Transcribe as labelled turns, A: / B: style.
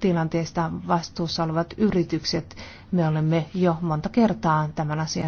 A: tilanteesta vastuussa olevat yritykset. Me olemme jo monta kertaa tämän asian